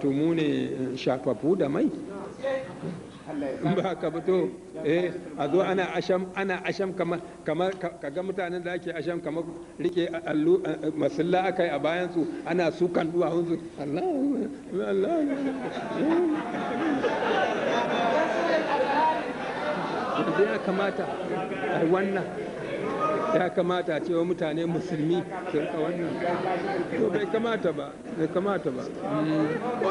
to mu ne shafafu da mai ba ka fito eh a zo ana asham ana asham kamar kamar kaga mutanen da ake asham kamar rike allu masalla akai a bayan su ana sukan duwawun su Allah Allah ya kamata a wannan ya kamata cewa mutane musulmi su rika wannan to bai kamata ba bai kamata ba hmm.